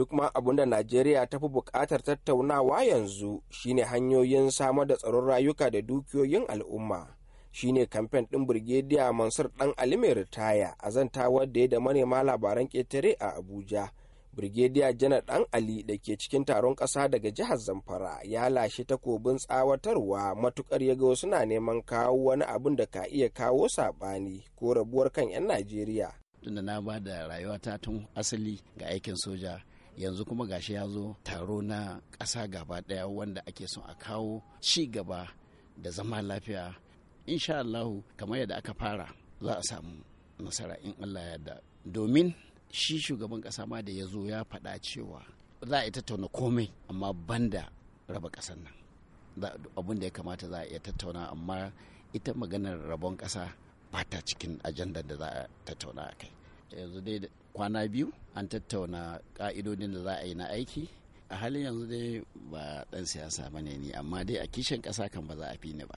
duk ma abun da najeriya ta fi buƙatar tattaunawa yanzu shine hanyoyin samar da tsaron rayuka da dukiyoyin al'umma shine kamfen ɗin birgediya mansur ɗan ali mai ritaya a zantawar da ya da manema labaran ƙetare a abuja birgediya janar ɗan ali da ke cikin taron ƙasa daga jihar zamfara ya lashe takobin tsawatarwa matukar ya ga suna neman kawo wani abin da ka iya kawo saɓani ko rabuwar kan 'yan najeriya tunda na ba da rayuwata tun asali ga aikin soja yanzu kuma gashi ya zo taro na ƙasa gaba ɗaya wanda ake son a kawo ci gaba da zama lafiya insha Allahu kamar yadda aka fara za a samu nasara in Allah ya da domin shi shugaban ƙasa ma da ya zo ya faɗa cewa za a yi tattauna komai amma banda raba ƙasar nan abin da ya kamata za a iya tattauna amma ita maganar rabon ƙasa ba ta cikin ajandar da za a tattauna a kai yanzu dai kwana biyu an tattauna ka'idodin da za a yi na aiki a halin yanzu dai ba dan siyasa ba ne ni amma dai a kishin ƙasa kan ba za a fi ni ba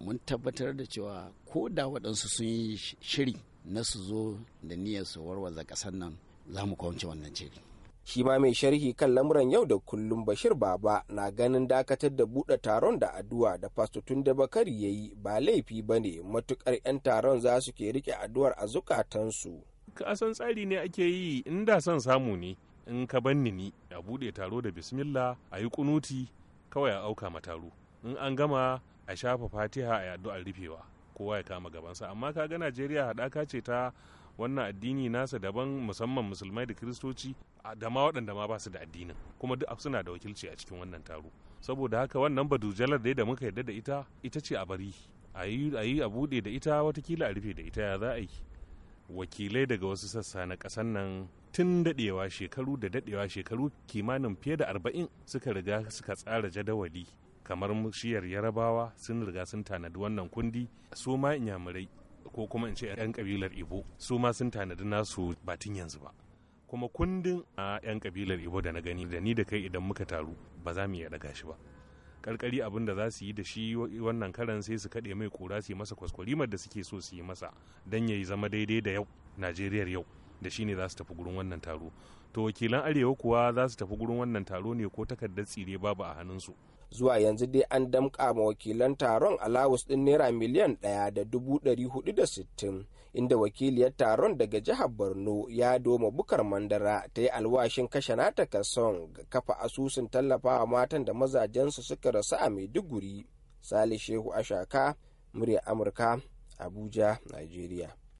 mun tabbatar da cewa ko da waɗansu sun yi shiri na su zo da niyyar su warwaza ƙasar nan za mu kawance wannan shiri shi ma mai sharhi kan lamuran yau da kullum bashir baba na ganin dakatar da buɗe taron da addu'a da tun da bakari ya yi ba laifi ba ne matukar 'yan taron za su ke rike addu'ar a zukatansu ka san tsari ne ake yi in da son samu ne in ka banni ni a bude taro da bismillah a yi kunuti kawai a auka ma taro in an gama a shafa fatiha a addu'ar rufewa kowa ya kama gabansa amma kaga ga najeriya haɗaka ce ta wannan addini nasa daban musamman musulmai da kiristoci da ma waɗanda ma ba su da addinin kuma duk suna da wakilci a cikin wannan taro saboda haka wannan badujalar dai da muka yarda da ita ita ce a bari a yi a buɗe da ita watakila a rufe da ita ya za a yi wakilai daga wasu sassa na ƙasar nan tun daɗewa shekaru da daɗewa shekaru kimanin fiye da arba'in suka riga suka tsara jadawali kamar shiyar yarabawa sun riga sun tanadi wannan kundi su ma inyamurai ko kuma in ce 'yan kabilar ibo su ma sun tanadi nasu batun yanzu ba kuma kundin a 'yan kabilar ibo da na gani da ni da kai idan muka taru ba za mu iya daga shi ba karkari abin da za su yi da shi wannan karan sai su kaɗe mai kura su yi masa kwaskwarimar da suke so su yi masa don ya yi zama daidai da yau najeriya yau da shi ne za su tafi gurin wannan taro to wakilan arewa kuwa za su tafi gurin wannan taro ne ko takardar tsire babu a hannunsu zuwa yanzu dai an damƙa ma wakilan taron alawus ɗin naira miliyan ɗaya da dubu ɗari hudu da sittin inda wakiliyar taron daga jihar borno ya doma bukar mandara ta yi alwashin kashe nata kason ga kafa asusun tallafawa matan da mazajensu suka rasu a maiduguri sali shehu ashaka murya amurka abuja nigeria